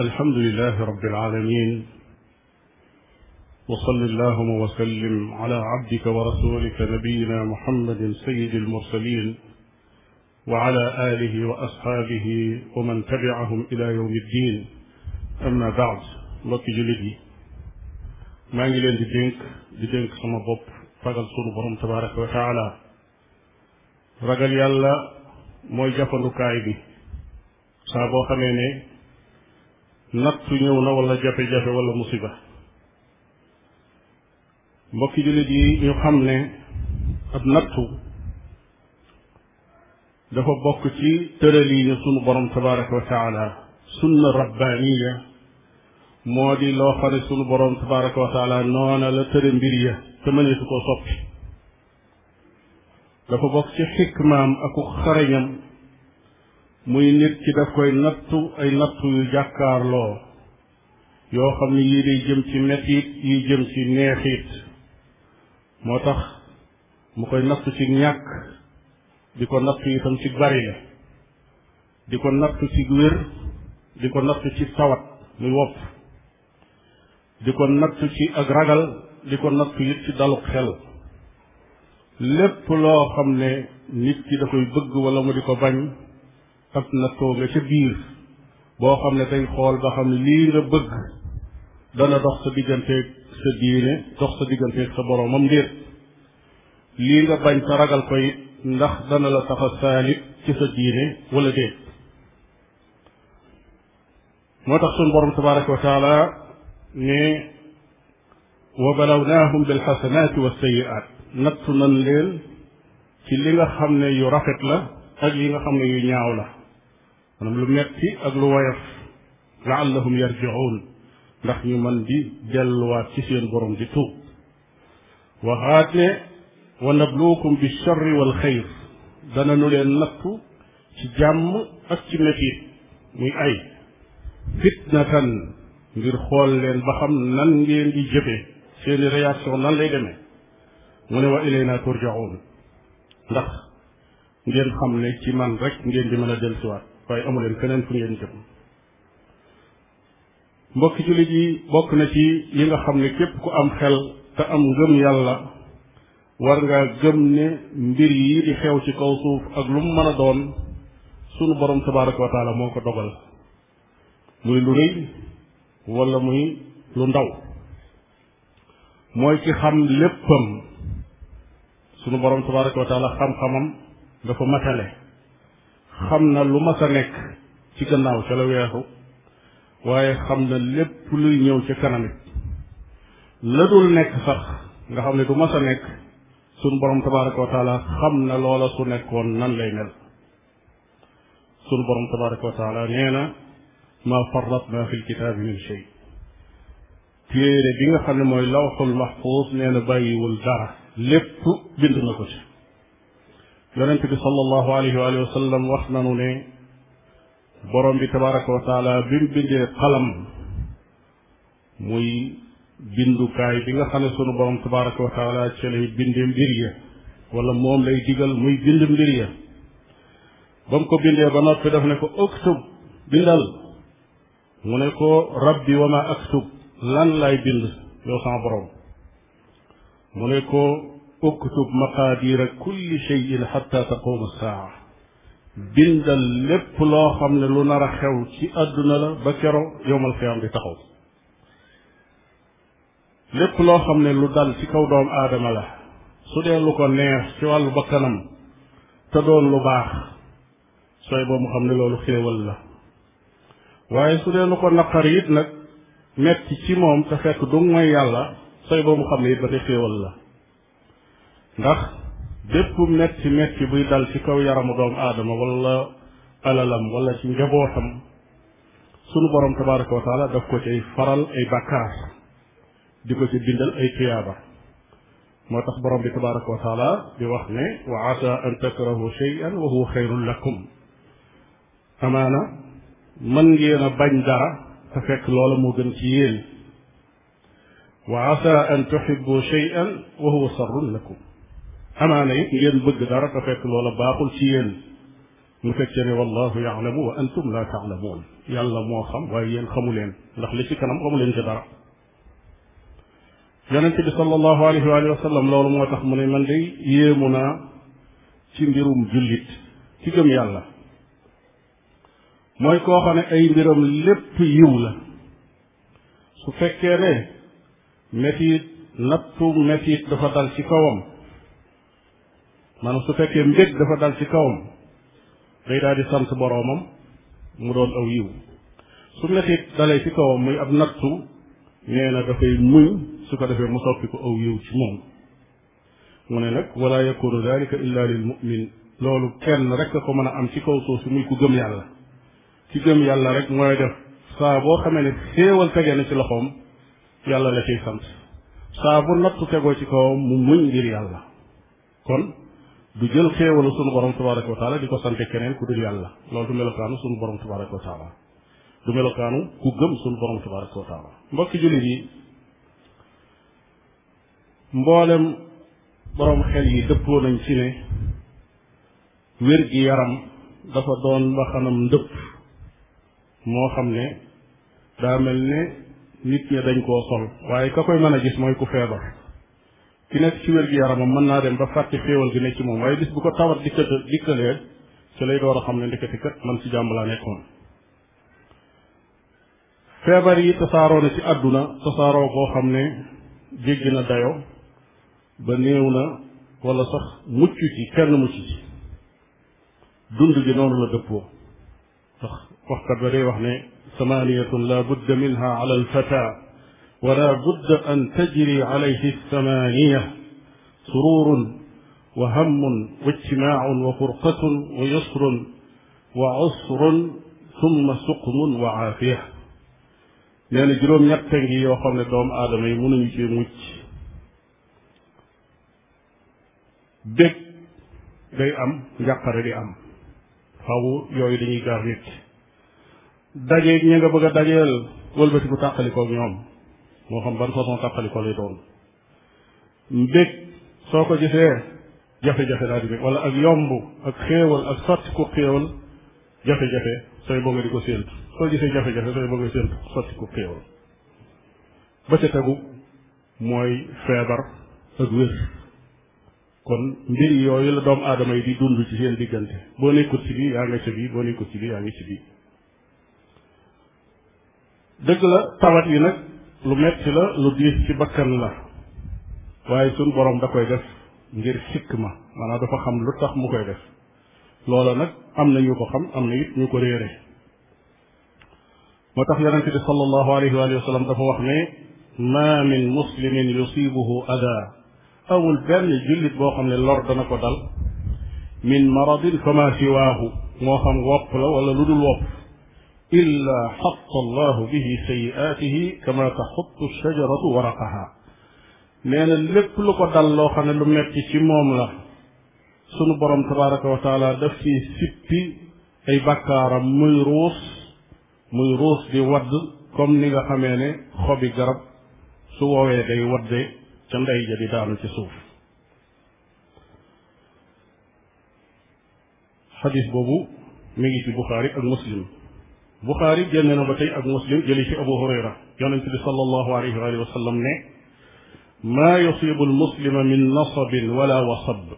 alhamdulilah rabbil aalamiin wa salli allaahumma wa sallim alaa abdika wa rasuulika nabiyyinaa muhammadin sayyidil mursaliin wa alaa aalihi wa asxaabihi wa man tabi'ahum ilaa yawmi ddiin ammaa ba'd mbokki jullit yi maa ngi leen di dénk di dénk sama bopp ragal sunu borom tabaaraka wa taala ragal yàlla mooy jàppandukaay bi saa boo xamee ne. nattu ñëw na wala jafe-jafe wala musiba mbokki jullit yi ñu xam ne ab nattu dafa bokk ci tëraliinu sunu borom tabaraka wa sunna rabbaniya moo di loo xam ne sunu borom tabaraka wa taala noona la tëre te mëneesu koo soppi dafa bokk ci aku xarañam muy nit ki daf koy nattu ay nattu yu jàkkaarloo yoo xam ne yii day jëm ci mettit yi jëm ci neexit moo tax mu koy nattu ci ñàkk di ko nattu itam ci bari la di ko nattu ci wér di ko nattu ci tawat muy wopp di ko nattu ci ak ragal di ko nattu it ci daluk xel lépp loo xam ne nit ki da bëgg wala mu di ko bañ ab nattoo nga ca biir boo xam ne day xool ba xam lii nga bëgg dana dox sa digganteeg sa diine dox sa digganteeg sa boroomam ndéet lii nga bañ sa ragal koy ndax dana la tax a ci sa diine wala déet moo tax sun borom tabaraka wa taala ne wa balawnaahum bilxasanaati wassayiaat nattu nan leen ci li nga xam ne yu rafet la ak yi nga xam ne yu ñaaw la maanaam lu metti ak lu woyof laallahum yarjiun ndax ñu man di delluwaat ci seen borom di tuub waxaat ne wa nabluukum bi charri wal xayr dana nu leen nattu ci jàmm ak ci métit muy ay fitnatan ngir xool leen ba xam nan ngeen di jëfe seeni réaction nan lay demee mu ne wa ilayna turjaun ndax ci man rek ngeen di mën a dellusiwaat waaye amu leen feneen fu ngeen jëm mbokki jullit yi bokk na ci li nga xam ne képp ku am xel te am ngëm yàlla war ngaa gëm ne mbir yi di xew ci kaw suuf ak lu mu mën a doon sunu borom tabaraka wa taala moo ko dogal muy lu rëy wala muy lu ndaw mooy ki xam léppam sunu borom tabaraka wa taala xam-xamam dafa matale xam na lu mas a nekk ci gannaaw ca la weexu waaye xam na lépp luy ñëw ca kanamit la dul nekk sax nga xam ne du ma a nekk suñ borom tabaraka wa taala xam na loola su nekkoon nan lay mel suñ borom tabaraka wa taala nee na ma farratna fi lkitaabi min shay téere bi nga xam ne mooy lawxul mahfuus nee na bàyyiwul dara lépp bind na ko ci yonent bi sallallahu alayhi wa wax nanu ne borom bi tabaraka wa taala bi mu bindee xalam muy bindukaay bi nga xam ne sunu borom tabaraka wa taala ci lay bindee mbir ya wala moom lay digal muy bind mbir ya ba mu ko bindee ba noppi def ne ko uktub bindal mu ne ko rabbi wa ma aktub lan laay bind yow sama borom mu ne ko uktub maqaadira kulli cheyin xata taquuma saa bindal lépp loo xam ne lu nar a xew ci àdduna la ba kero yowmal xiyaam di taxaw lépp loo xam ne lu dal ci kaw doom aadama la su dee lu ko neex ci wàllu kanam te doon lu baax sooy boo xam ne loolu xéewal la waaye su dee lu ko naqar it nag metti ci moom te fekk du mooy yàlla sooy boo mu xam ne it ba tey xéewal la ndax bépp metti metti buy dal ci kaw yaramu doomu aadama wala alalam wala ci njabootam sunu borom tabaraka wa taala daf ko cay faral ay bakkaar di ko ci bindal ay tuyaaba moo borom bi tabaraka wa taala di wax ne wa asa an takrahu shay'an wa huwa xayrun lakum amaana mën ngeen a bañ dara te fekk loola moo gën ci an tuhibbu shay'an wa huwa sarrun lakum amaana it ngeen bëgg dara te fekk loola baaxul ci yéen mu fekkee ne wallahu yaalamu wa antum la taalamuun yàlla moo xam waaye yéen xamu leen ndax li ci kanam xamu leen ci dara yonente bi sallallahu alayhi wa sallam loolu moo tax mu ne man de yéemu naa ci mbirum jullit ci gëm yàlla mooy koo xam ay mbiram lépp yiw la su fekkee ne metit nattu metit dafa dal ci kawam maanaam su fekkee mbég dafa dal ci kawam day daal sant boroomam mu doon aw yiw su mettit dalee ci kawam muy ab nattu nee na dafay muñ su ko defee mu soppi ko aw yiw ci moom mu ne nag walaa yakunu dalika illa lil mu'min loolu kenn rek a ko mën a am ci kaw suuf si muy ku gëm yàlla ci gëm yàlla rek mooy def saa boo xamee ne xéewal tege na ci loxoom yàlla la ciy sant saa bu nattu tegoo ci kawam mu muñ ngir yàlla kon du jël xéewalu sunu borom tabaraka di ko sante keneen ku dul yàlla loolu du melokaanu sunu borom tabaraka wa taala du melokaanu ku gëm sunu borom tabaraka wa taala mbokki jullit yi mboolem borom xel yi dëppoo nañ ci ne wér gi yaram dafa doon ba xanam ndëpp moo xam ne daa mel ne nit ñi dañ koo sol waaye ka koy mën a gis mooy ku feebar ki nekk ci wér-gu-yaramam mën naa dem ba fàtte xéewal gi ne ci moom waaye bis bu ko tawat dikka dikkalee ci lay door a xam ne ndekati kat man ci jàmm laa nekkoon feebar yi tasaaroo na ci àdduna tasaaroo boo xam ne jéggi na dayo ba néew na wala sax mucc ci kenn mucc ci dund gi noonu la dëppoo ndax waxkat ba day wax ne samaniyatun la budda minha ala ولا بد أن تجري عليه الثمانية سرور وهم واجتماع وفرقة ويسر وعسر ثم سقم وعافية nee na juróom ñett ngi yoo xam ne doomu aadama yi mënuñu ci mucc bég day am njàqare di am faw yooyu dañuy gaar nit dajeeg ña nga bëgg a dajeel wëlbati bu tàqalikoog ñoom moo xam ban façon tàqalikoo lay doon soo ko gisee jafe-jafe daal di bég wala ak yomb ak xéewal ak sotti ku xéewal jafe-jafe sooy bëgg di ko séentu soo gisee jafe-jafe sooy bëgg a séentu sotti ku xéewal ba ca tegu mooy feebar ak wér kon mbir yooyu la doomu aadama yi di dund ci seen diggante boo nekkut ci bii yaa nga ci bii boo nekkut ci bii yaa ngi ci bii dëgg la tawat yi nag lu metti la lu diis ci bakkan la waaye sun boroom da koy def ngir sikk ma maanaam dafa xam lu tax mu koy def loola nag am na ñu ko xam am na it ñu ko réere moo tax yonente bi sallallahu alayhi wa sallam dafa wax ne ma min muslimin yusibuhu ada amul benn jullit boo xam ne lor dana ko dal min maradin fama siwaahu moo xam wopp la wala lu dul wopp illaa xatta allahu bihi sayiaatihi kama taxuttu shajaratu waraqaha nee na dal loo xam ne lu metti ci moom la sunu borom tabaraka wa taala daf ci sippi ay bakkaaram muy ruus muy ruus di wadd comme ni nga xamee ne xobi garab su woowee day wadde ca ndey daanu ci suuf xadis boobu mi ngi buxaari ak muslim buxaari génne na ba tey ak muslim jëli ci abu hurayra yonente bi sallallahu alayhi wa alihi wa sallam ne maa yusibu almuslima min nasabin wala wasab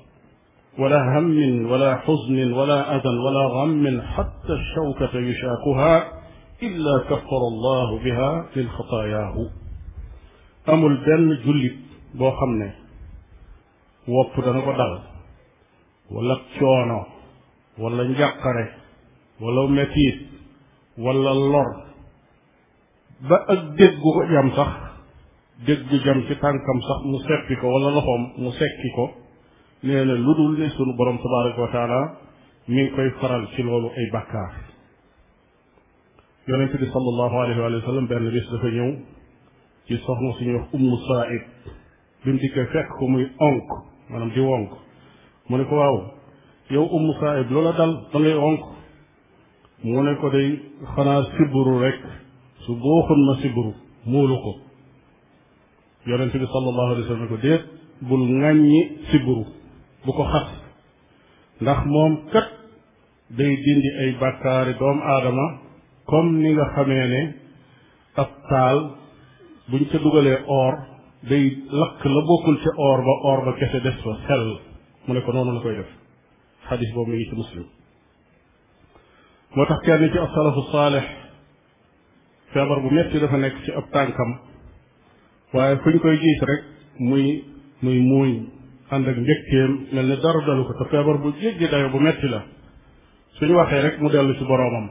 wala hammin wala xusnin wala adan wala gammin xatta shawkata yushaakuha illa kafara allahu biha min xataayaahu amul benn jullit boo xam ne wopp dana ko dal wala coono wala njàqare wala mettiit wala lor ba ak déggu ko jam sax déggu jam ci tànkam sax mu seppi ko wala loxoom mu sekki ko nee na lu dul ne sunu borom tabaraka wa taala mi koy faral ci loolu ay bàkkaar yonente bi sallallahu alayhi wa sallam benn bis dafa ñëw ci soxna suñuy wax ummu saaib bi mu dikkee fekk ko muy onk maanaam di wonk mu ne ko waaw yow ummu saaib loola dal da ngay onk mu ne ko day xanaa sibru rek su booxoon ma sibru muulu ko yonente bi sallallahu alayhi wa na ne ko déet bul ŋàññi sibru bu ko xas ndax moom kat day dindi ay bàkkaari doomu aadama comme ni nga xamee ne ab taal buñ ca dugalee or day lakk la bokkul ca or ba or ba kese des fa sell mu ne ko noonu la koy def xadis boobu mi ngi ci muslim moo tax kenn ci asalafu saalix feebar bu metti dafa nekk ci ab tànkam waaye fu ñu koy gis rek muy muy muuñ ànd ak njëkkeem mel ni dara dalu ko te feebar bu jéggi dayo bu metti la suñu waxee rek mu dellu ci boroomam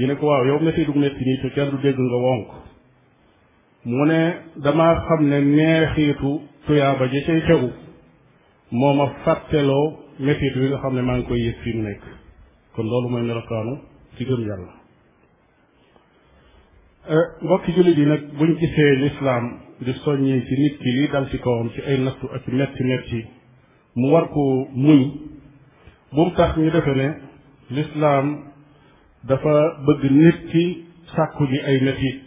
ñu ne ko waaw yow metti du metti nii te kenn du dégg nga wonk mu ne dama xam ne neexiitu tuyaaba ji cay tegu moo ma fàtteloo metti wi nga xam ne maa ngi koy yëg fi mu nekk kon loolu mooy melokaanu ci gëm yàlla eh, mbokki jullit yi nag buñ gisee lislaam di soññee ci nit ki li dal ci kawam ci ay nattu ak metti metti mu war ko muñ bu mu tax ñu defe ne lislaam dafa bëgg nit ki sàkku ji ay metit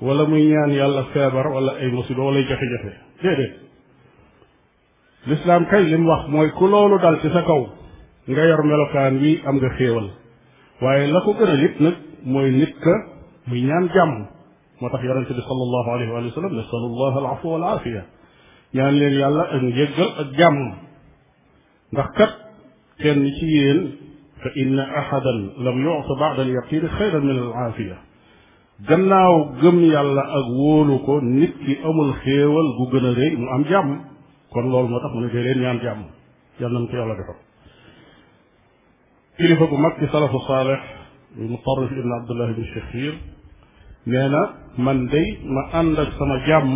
wala muy ñaan yàlla feebar wala ay musiba wala ay jafe-jafe déedéet lislaam kay lim wax mooy ku loolu dal ci sa kaw nga yor melokaan wi am nga xéewal waaye la ko gën a nit nag mooy nit ka muy ñaan jàmm moo tax yonente bi sallallahu alayhi wa sallam nasalu allah al afwa wal aafiya ñaan leen yàlla ak njéggal ak jàmm ndax kat kenn ci yéen fa inna ahadan lam yuta baada al yaqini xayran min al aafiya gannaaw gëm yàlla ak wóolu ko nit ki amul xéewal gu gën a rëy mu am jàmm kon loolu moo tax mu ne dee leen ñaan jàmm yàlla na ko yàlla defal kilifa bu mag ci salafu saalix muy Mutarrif ibn Abdullah ibn Shakhir nee na man day ma ànd ak sama jàmm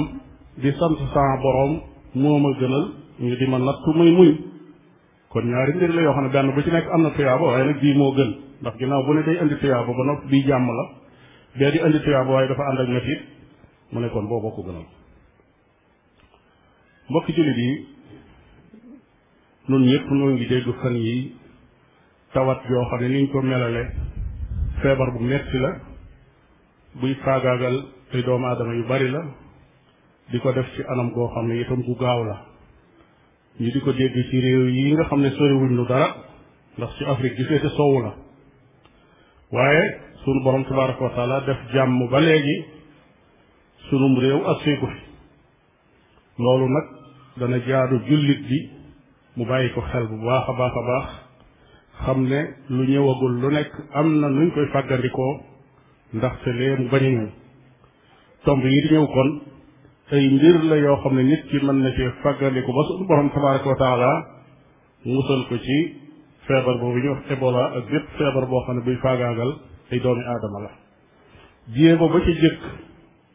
di sant sama boroom moo ma gënal ñu di ma nattu muy muñ kon ñaari mbir la yoo xam ne benn bu ci nekk am na tuyaaba waaye nag bii moo gën ndax ginnaaw bu ne day indi tuyaaba ba noppi bii jàmm la bee di indi tuyaaba waaye dafa ànd ak metit mu ne kon booboo ko gënal mbokki jullit yi nun ñëpp ñoo ngi dégg fan yi tawat yoo xam ne niñ ko melale feebar bu metti la buy faagaagal ay doomu aadama yu bari la di ko def ci anam goo xam ne itam gu gaaw la ñu di ko dégg ci réew yi nga xam ne soriwuñ lu dara ndax ci Afrique gi féete sowwu la waaye sunu borom tabaraka wa def jàmm ba léegi sunum réew ak suy loolu nag dana jaaru jullit bi mu bàyyi ko xel bu baax a baax a baax xam ne lu ñëwagul lu nekk am na nuñ koy fàggandikoo ndaxte lee mu bañ a ñëw tomb yi di ñëw kon ay mbir la yoo xam ne nit ki mën na cee fàggandiku ba suñu borom tabaraka wa musal ko ci feebar boobu ñu Ebola ak bépp feebar boo xam ne buy faagaagal ay doomi aadama la jéego ba ci jëkk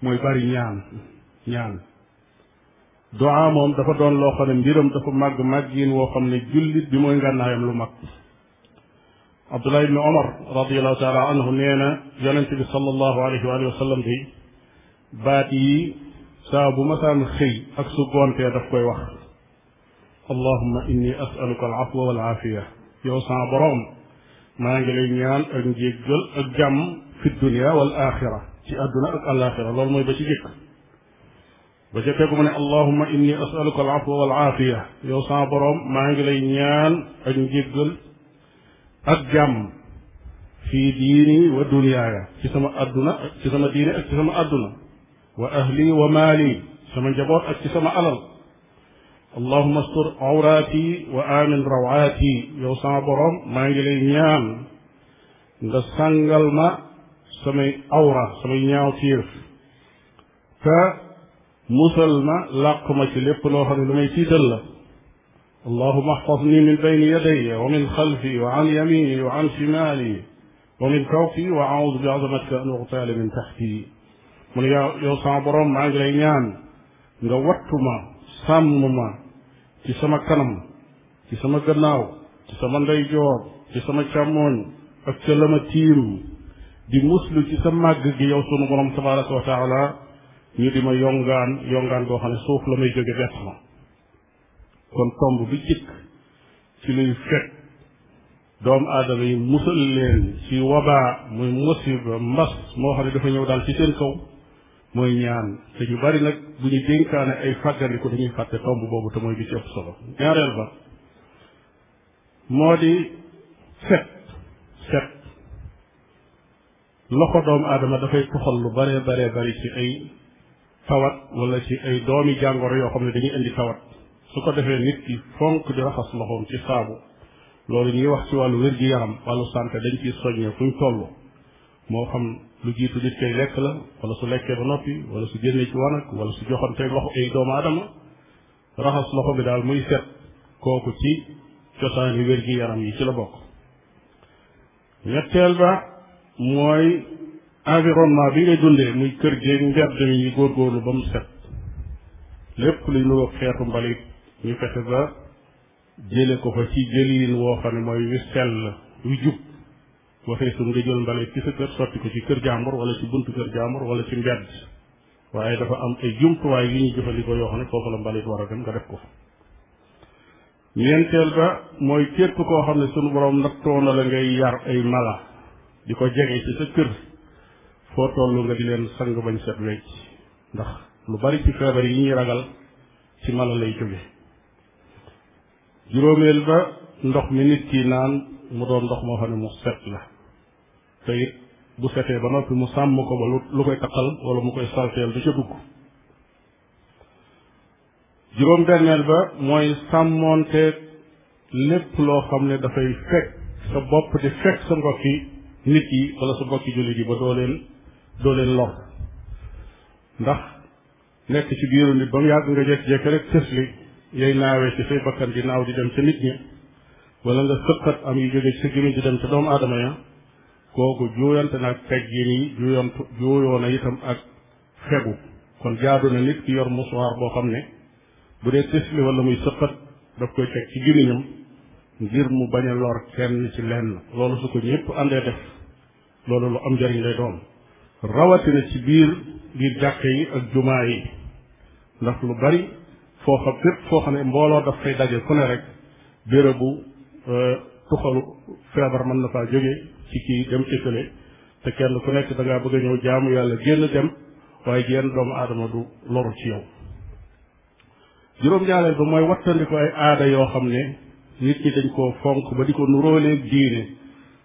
mooy bari ñaan ñaan doa moom dafa doon loo xam ne mbiram dafa màgg màgg woo xam ne jullit bi mooy ngànnaayam lu mag Abdullah ibni Omar radiallahu taala anhu nee na yonent bi sallallahu alayhi wa sallam bi baat yi saa bu masaan xëy ak su gontee daf koy wax allahuma inni asaluka al afwa wal aafiya yow saa boroom maa ngi lay ñaan ak njéggal ak jàmm fi dunia wal axira ci àdduna ak alaxira loolu mooy ba ci jëkk ba ca tegu mu ne allahuma inni asaluka al afwa wal aafiya yow saa boroom maa ngi lay ñaan ak njéggal ak jàmm fii diini wa dunyaaya ci sama adduna ak ci sama diini ak ci sama wa ahli wa maali sama njaboot ak ci sama alal allahuma astur awraati wa amin rawaati yow sama maa ngi lay ñaan nga sàngal ma samay awra samay ñaaw tiir te musal ma làq ma ci lépp loo xam ne lu may la allahuma axfadni min bayni yadaya wa min xalfi wa an yamini wa an shimali wa min fawqi wa audu bi azamatika an uxtaale min taxti mu ne yow yow sama borom maa ngi lay ñaan nga wattu ma sàmm ma ci sama kanam ci sama gannaaw ci sama ndeyjoor ci sama càmmooñ ak ca la ma tiim di muslu ci sa màgg gi yow sunu borom tabaraka wa taala ñu di ma yongaan yongaan goo xam ne suuf la may jóge bett ma kon tomb bi jëkk ci luy fekk doomu aadama yi musal leen ci wabaa muy musiba mbas moo xam ne dafa ñëw daal ci seen kaw mooy ñaan te ñu bari nag bu ñu dénkaane ay fàggandiku dañuy fàtte tomb boobu te mooy bi ci ëpp solo ñaareel ba moo di set set loxo doomu aadama dafay toxal lu bare bare bari ci ay tawat wala ci ay doomi jàngoro yoo xam ne dañuy indi tawat su ko defee nit ki fonk di raxas loxoom ci saabu loolu ñuy wax ci wàllu wér-gi-yaram wàllu santé dañ ciy soññee fuñ toll moo xam lu jiitu nit kay lekk la wala su lekkee ba noppi wala su génnee ci wanag wala su joxante loxo ay doomu aadama raxas loxo bi daal muy set kooku ci cosaani wér-gi-yaram yi ci la bokk ñetteel ba mooy environnement bi ngay dundee muy kër géeg mbedd mi ñu góorgóorlu ba mu set lépp luy nuroog xeetu mbalit ñu fexe ba jële ko fa ci jëlin woo xam ne mooy wi sell wi jub waxee su nga jël mbalit ci sa kër sotti ko ci kër jàmbur wala ci buntu kër jàmbur wala ci mbedd waaye dafa am ay jumtuwaay yu ñuy jëfandikoo yoo xam ne foofu la mbalit war a dem nga def ko fa ñeenteel ba mooy képp koo xam ne sunu borom nattoo na la ngay yar ay mala di ko jege ci sa kër foo toll nga di leen sang bañ set wecc ndax lu bari ci feebar yi ñuy ragal ci mala lay jóge juróomeel ba ndox mi nit ki naan mu doon ndox moo xam ne mu set la te bu setee ba noppi mu sàmm ko ba lu koy taqal wala mu koy salteel du ca dugg juróom benneel ba mooy sàmmoonteeg lépp loo xam ne dafay fekk sa bopp di fekk sa mbokki nit yi wala sa mbokki jullit yi ba doo leen doo leen lor ndax nekk ci biiru nit ba mu yàgg nga jékki-jékki rek tësli yooyu naawee ci say bakkan di naaw di dem ca nit ña wala nga sëqat am yu jóge sa gémmiñ di dem ca doomu aadama ya kooku jooyante na ak teggin yi jooyantu jooyoona itam ak fegu kon jaadu na nit ki yor musuwaar boo xam ne bu dee tisli wala muy sëqat daf koy teg ci gémmiñam ngir mu bañ a lor kenn ci lenn loolu su ko ñëpp àndee def loolu lu am njariñ lay doon rawatina ci biir biir jàkka yi ak jumaa yi ndax lu bari foo xam fépp foo xam ne mbooloo daf fay daje ku ne rek bérébu euh, tuxalu feebar man na faa jóge ci kii dem ci kële te kenn ku nekk da ngaa bëgg a ñëw jaamu yàlla génn dem waaye genn doomu aadama du loru ci yow juróom-ñaareel ba mooy wattandiku ay aada yoo xam ne nit ñi dañ koo fonk ba di ko nuróoleeg diine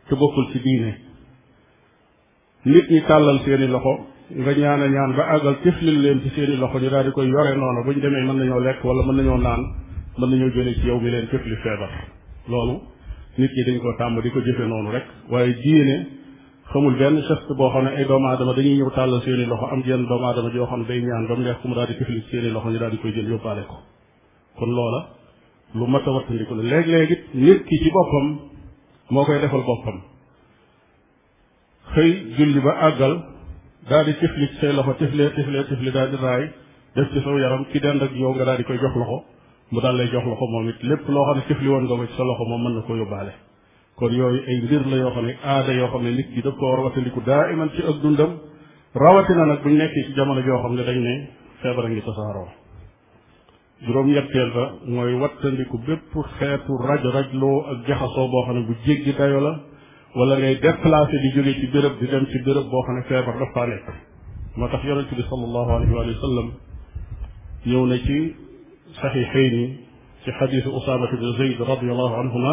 te bokkul ci diine nit ñi tàllal seeni loxo nga ñaan a ñaan ba àggal tiflil leen ci seeni loxo ñu daal di koy yore noonu bu ñu demee mën nañoo lekk wala mën nañoo naan mën nañoo jëlee ci yow mi leen tifli feebar loolu nit ñi dañ ko tàmm di ko jëfe noonu rek waaye diine xamul benn geste boo xam ne ay doomu aadama dañuy ñëw tàllal seeni loxo am yenn doomu aadama joo xam ne day ñaan ba mu neex ku mu daal di tifli ci seeni loxo ñu daal di koy jël yóbbaale ko kon loola lu mat a wattandiku la léeg-léeg it nit ki ci boppam moo koy defal boppam xëy julli ba àggal daal tifli say loxo tiflee tiflee tifli daal di raay def ci saw yaram ki dend ak yow nga daal di koy jox loxo mu daal lay jox loxo moom it lépp loo xam ne tifli woon nga ko ci sa loxo moom mën na ko yóbbaale kon yooyu ay mbir la yoo xam ne aada yoo xam ne nit ki daf ko war a wattandiku daa iman ci ak dundam rawatina nag buñ nekk ci jamono joo xam ne dañ ne feebar a ngi tasaaroo juróom-ñetteel ba mooy wattandiku bépp xeetu raj rajloo ak jaxasoo boo xam ne bu jéggi dayo la wala ngay déplacé di jóge ci béréb di dem ci béréb boo xam ne feebar daf faa nekk moo tax yonente bi sallallahu alayhi wa sallam ñëw na ci saxiixayni ci xadiisu Usaama ibn Zayd radiyallahu anhuma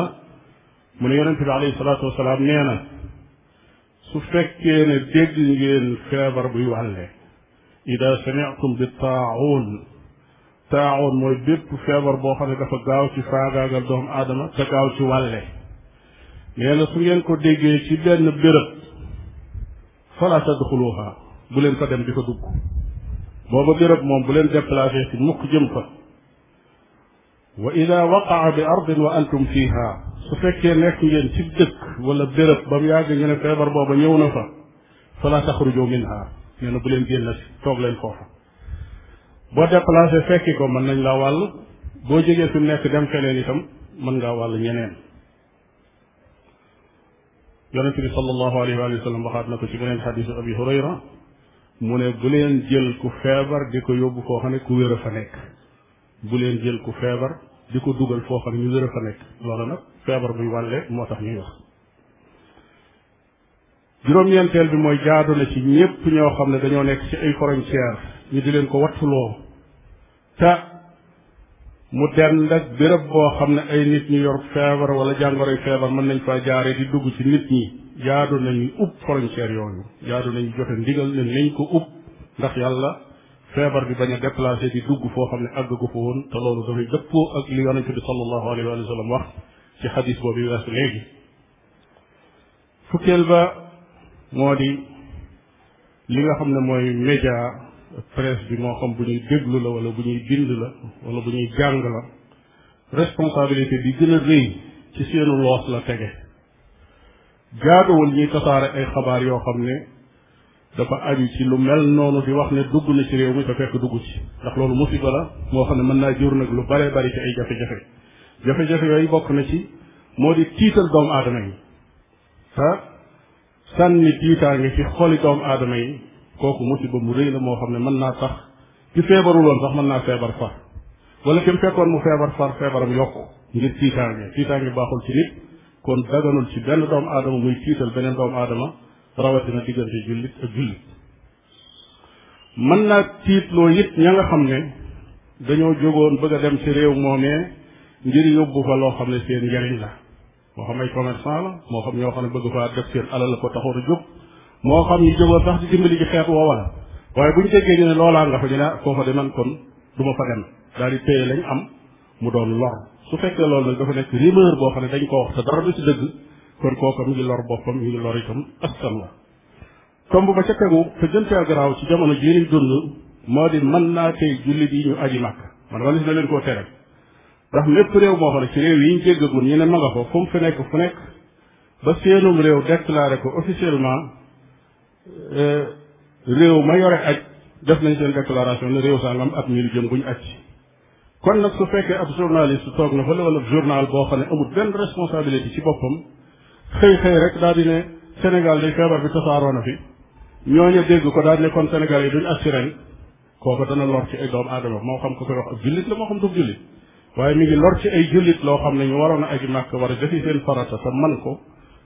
mu ne yonente bi alayhi salaatu wasalaam nee na su fekkee ne dégg ngeen feebar buy wàlle ida sami'tum bi taa'uun taa'uun mooy bépp feebar boo xam ne dafa gaaw ci faagaagal doomu aadama te gaaw ci wàlle nee na su ngeen ko déggee ci benn béréb fala tadxuluha bu leen fa dem di fa dugg booba béréb moom bu leen déplacé ci mukk jëm fa wa ida waqaa bi ardin wa antum fiha su fekkee nekk ngeen ci dëkk wala béréb ba mu yàgg ñu ne feebar booba ñëw na fa fala taxrujo minha nee na bu leen génn toog leen foofa boo déplacé fekki ko mën nañ laa wàll boo jógee fi nekk dem feneen itam mën ngaa wàll ñeneen yonente bi sallallahu alayhi wa sallam waxaat na ko ci beneen xadisu abi hurayra mu ne bu leen jël ku feebar di ko yóbbu foo xam ne ku wér a fa nekk bu leen jël ku feebar di ko dugal foo xam ne ñu wér a fa nekk loolu nag feebar buy wàlle moo tax ñuy wax juróom-ñeenteel bi mooy jaadu na ci ñépp ñoo xam ne dañoo nekk ci ay frontière ñu di leen ko wattuloo te mu dend ak bërëb boo xam ne ay nit ñu yor feebar wala jàngoroy feebar mën nañ faa jaaree di dugg ci nit ñi jaadu nañu upp frontière yooyu jaadu nañu joxe ndigal ne nañ ko upp ndax yàlla feebar bi bañ a déplacé di dugg foo xam ne àgg ko fa woon te loolu dafay dëppoo ak li yonente bi sallallahu alayhi wa sallam wax ci xadis boobu weesu léegi fukkeel ba moo di li nga xam ne mooy média presse bi moo xam bu ñuy déglu la wala bu ñuy bind la wala bu ñuy jàng la responsabilité bi gën a rëy ci seenu loos la tege jaaduwul ñuy tasaare ay xabaar yoo xam ne dafa aju ci lu mel noonu di wax ne dugg na ci réew mi te fekk dugg ci ndax loolu musiba la moo xam ne mën naa jur nag lu bare bari ci ay jafe-jafe jafe-jafe yooyu bokk na ci moo di tiital doomu aadama yi te sànni tiitaange ci xoli doomu aadama yi kooku musiba mu rëy la moo xam ne mën naa tax ki feebaruloon sax mën naa feebar far wala ki mu fekkoon mu feebar far feebaram yokku ngir tiitaange tiitaange baaxul ci nit kon daganul ci benn doomu aadama muy tiital beneen doomu aadama rawatina diggante jullit ak jullit mën naa tiitloo it ña nga xam ne dañoo jógoon bëgg a dem ci réew moomee ngir yóbbu fa loo xam ne seen njariñ la moo xam ay commerçant la moo xam ñoo xam ne bëgg faa def seen alal la ko taxoon a moo xam ñu jógoon sax di dimbali ji xeet woowa waaye bu ñu déggee ñu loolaa nga fa ñu ne foofa de man kon du ma fa dem daal di téye lañ am mu doon lor su fekkee loolu nag dafa nekk rumeur boo xam ne dañ koo wax te dara du ci dëgg kon kooka mi ngi lor boppam mi ngi lor itam askan la tomb ba ca tegu te gën cee garaaw ci jamono jii ñuy dund moo di mën naa tey jullit yi ñu aji màkk man ma lis na leen koo tere ndax lépp réew moo xam ne ci réew yi ñu jéggagul ma nga fa fu mu fi nekk fu nekk ba seenum réew déclaré ko officiellement Euh, réew ma yore aj def nañ seen déclaration ne réew sangam at mi jëm bu ñu aj kon nag su fekkee ab journaliste toog na fa wala ab journal boo xam ne amul benn responsabilité ci boppam xëy xëy rek daal di ne Sénégal day feebar bi tasaaroo na fi ñooñu dégg ko daal di ne kon Sénégal yi duñ aj si ren kooku dana lor ci ay doomu aadama moo xam ko koy wax ab jullit la moo xam du jullit waaye mi ngi lor ci ay jullit loo xam ne ñu waroon a aji màkk war a defi seen man ko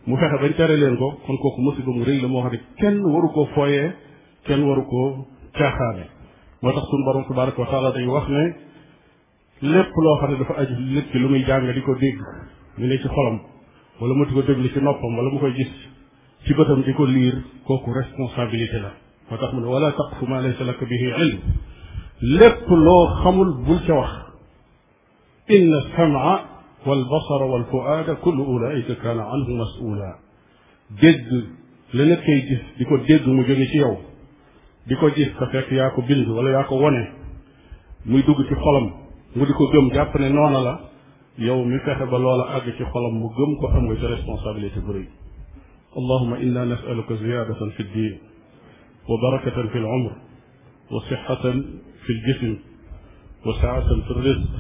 mu fexe bañ tere leen ko kon kooku musiba mu rëy la moo xam ne kenn waru koo fooyee kenn waru koo caaxaane moo tax suñu borom tabaraka wa taala wax ne lépp loo xam ne dafa aju nit ki lu muy jàng di ko dégg ñu ne ci xolam wala mu di ko déglu ci noppam wala mu koy gis ci bëtam di ko liir kooku responsabilité la moo tax mu ne wala taqfu ma laysa laka bihi ilm lépp loo xamul bul ca wax inna samaa wal basara wal fuaada kullu ulaika kaana anhu masula dégg la nit koy gis di ko dégg mu jóge ci yow di ko gis te fekk yaa ko bind wala yaa ko wone muy dugg ci xolam mu di ko gëm jàpp ne noona la yow mi fexe ba loola àgg ci xolam mu gëm ko am nga ci responsabilité bu rëy allahuma inna nasaluka ziyadatan fi ddin wa barakatan fi lcumr wa sixatan fi ljism wa saatan fi rizq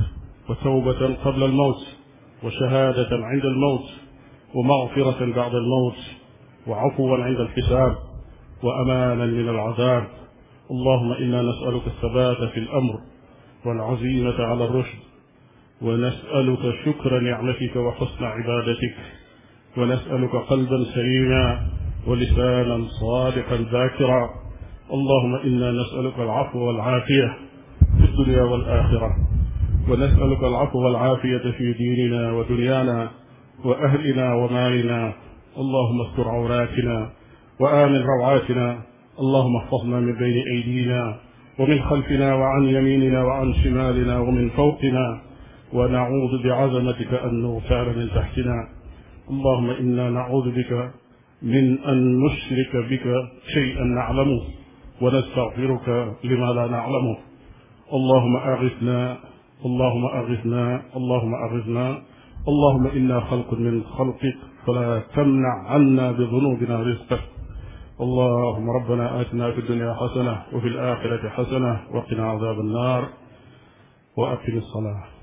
wa tawbatan qabla almawt وشهادة عند الموت ومغفرة بعد الموت وعفوا عند الحساب وأمانا من العذاب اللهم إنا نسألك الثبات في الأمر والعزيمة على الرشد ونسألك شكر نعمتك وحسن عبادتك ونسألك قلبا سليما ولسانا صادقا ذاكرا اللهم إنا نسألك العفو والعافية في الدنيا والآخرة ونسألك العفو والعافية في ديننا ودنيانا وأهلنا ومالنا اللهم استر عوراتنا وآمن روعاتنا اللهم احفظنا من بين أيدينا ومن خلفنا وعن يميننا وعن شمالنا ومن فوقنا ونعوذ بعظمتك أن نغتال من تحتنا اللهم إنا نعوذ بك من أن نشرك بك شيئا نعلمه ونستغفرك لما لا نعلمه اللهم أغثنا allahuma agisna allahuma agisna allahuma inna xalqun min xalqik fala tamna anna bi dunubina risqak allahuma rabbana atina fi dunia xasana wa fi alaxirati xasana wa qina adab annar wa aqim alsalaa